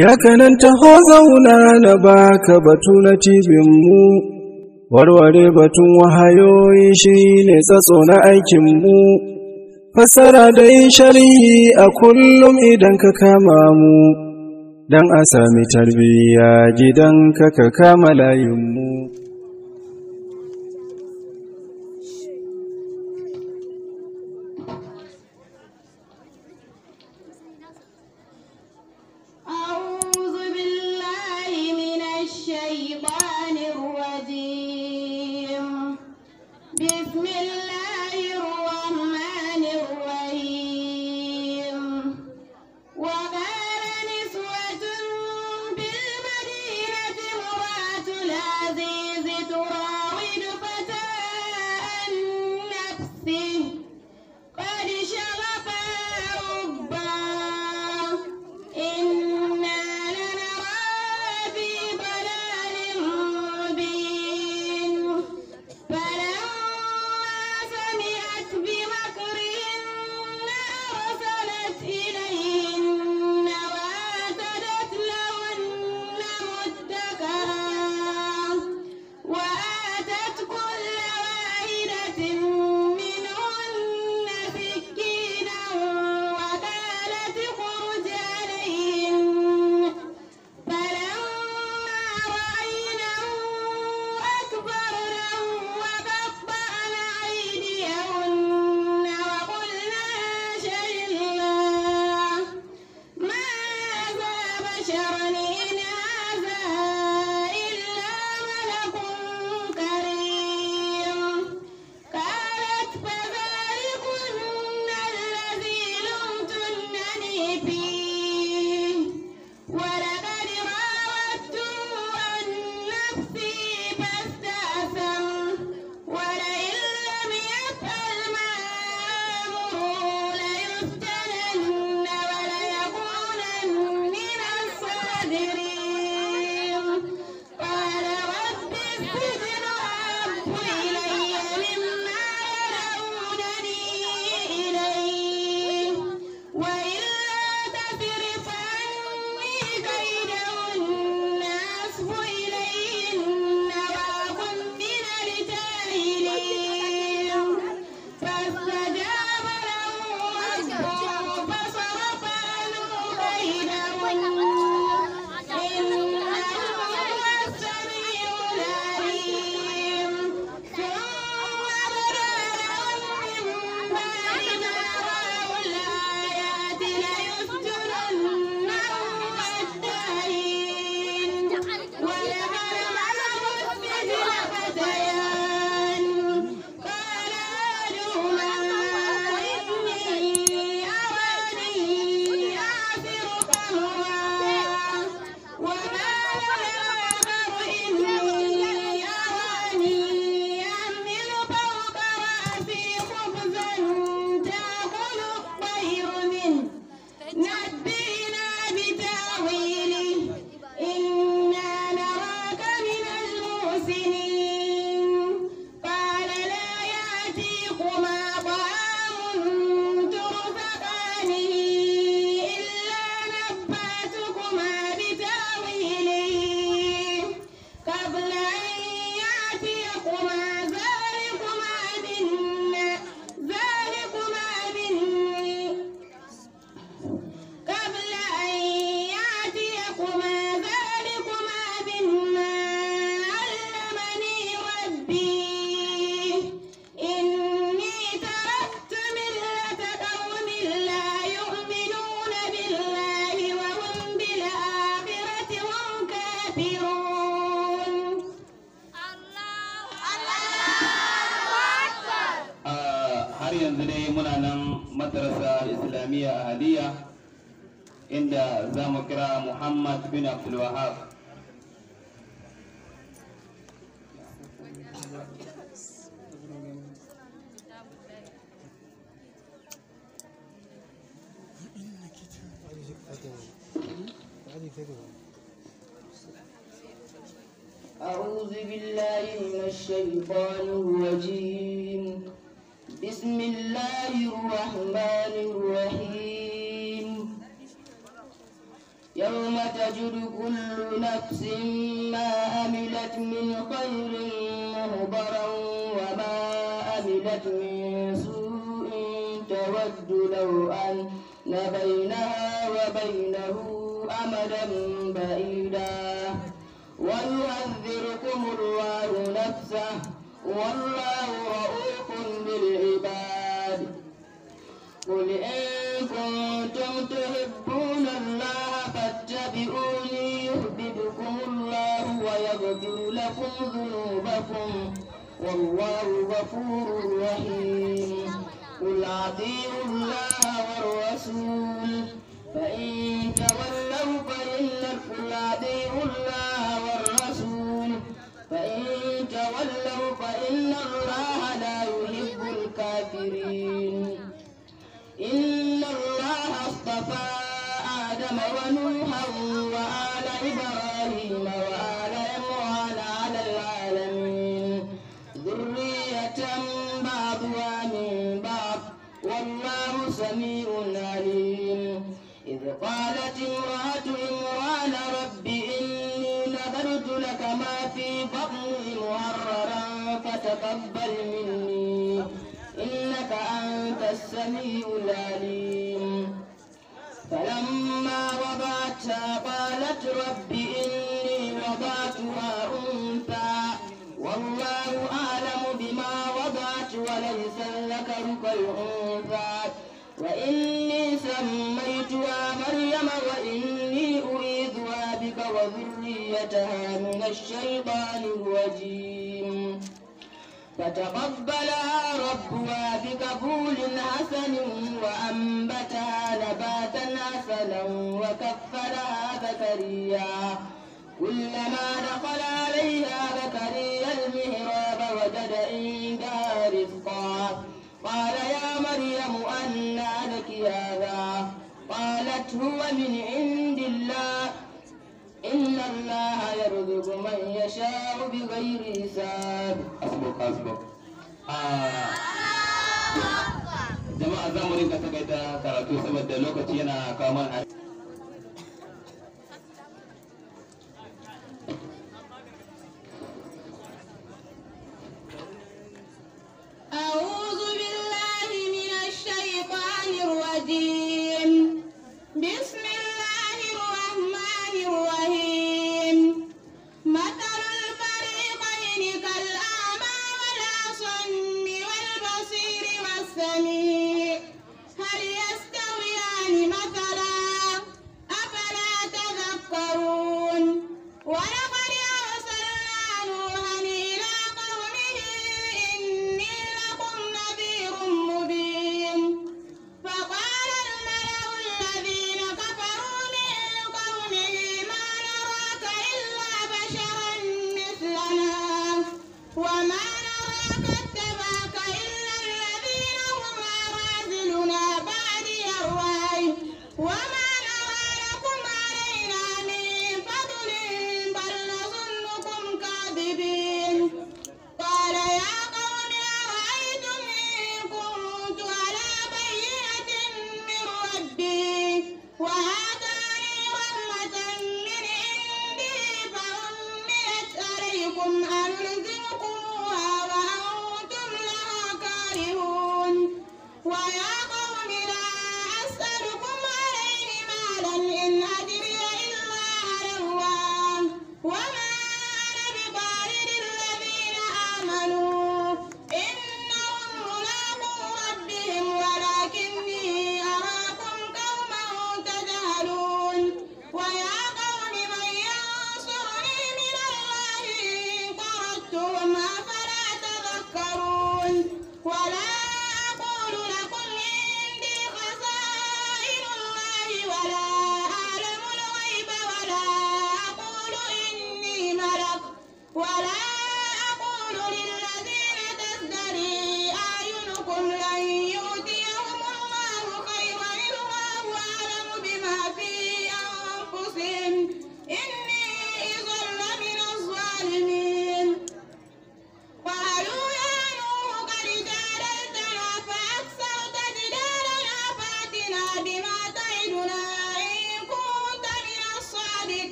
Ya kanan taho zauna na baka batu na mu. warware batun wahayoyi shi ne tsatso na aikinmu, fassara da yin sharhi a kullum idan ka kama mu, don a sami tarbiyya gidan ka ka kama layinmu. a inda za mu kira muhammad bin abdulwahab أعوذ بالله من الشيطان الرجيم كل نفس ما أملت من خير مهبرا وما أملت من سوء تود لو أن بينها وبينه أمدا بعيدا ويعذركم الله نفسه والله رؤوف بالعباد قل إن كنتم تحبون يغفر لكم ذنوبكم والله غفور رحيم قل أطيعوا الله والرسول فإن تولوا فإن قل أطيعوا الله والرسول فإن تولوا فإن الله لا يحب الكافرين قلت لك ما في بطني مهررا فتقبل مني إنك أنت السميع العليم فلما وضعتها قالت رب إني وضعتها أنثى والله أعلم بما وضعت وليس لك كالأنثى وذريتها من الشيطان الرجيم فتقبلها ربها بقبول حسن وأنبتها نباتا حسنا وكفلها زكريا كلما دخل عليها زكريا المهراب وجد عندها رزقا قال يا مريم أنى لك هذا قالت هو من عند الله inna allaha yarzuqu man yasha'u bighairi hisab asbuk zamu rinka takaita karatu saboda lokaci yana kawo mana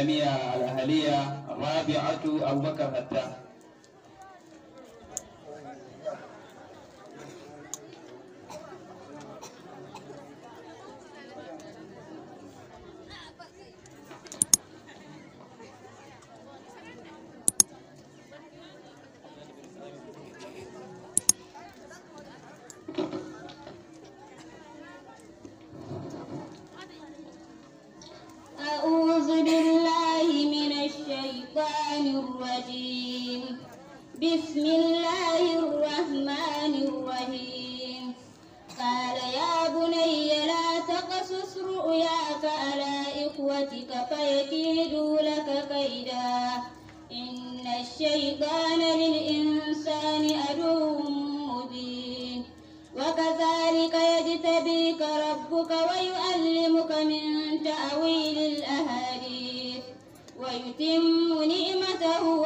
الإسلامية الأهلية الرابعة أبو بكر التاه بسم الله الرحمن الرحيم قال يا بني لا تقصص رؤياك على إخوتك فيكيدوا لك كيدا إن الشيطان للإنسان أدو مبين وكذلك يجتبيك ربك ويؤلمك من تأويل الأهاليث ويتم نعمته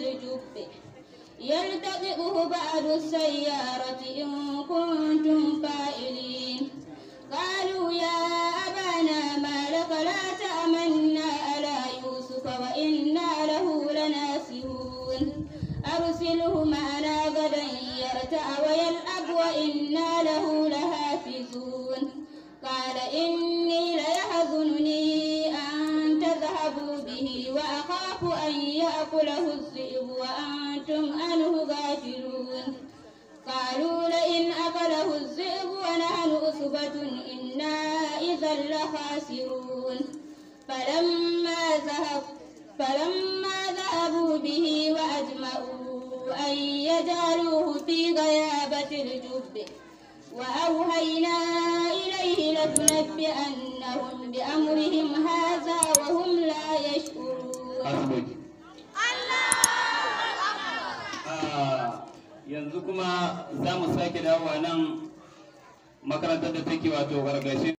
بالجب يلتقطه بعض السيارة إن كنتم فائلين قالوا يا أبانا ما لك لا تأمنا على يوسف وإنا له لناسهون أرسله معنا غدا يرتع ويلعب وإنا له لحافظون قال إني ليحزنني أن تذهبوا به وأخاف أن يأكله الزوج هم عنه غافلون قالوا لئن أكله الذئب ونحن أصبة إنا إذا لخاسرون فلما ذهب فلما ذهبوا به وأجمعوا أن يجعلوه في غيابة الجب وأوهينا إليه لتنبئنهم بأمرهم هذا yanzu kuma za mu sake dawowa nan makarantar da take wato gargashin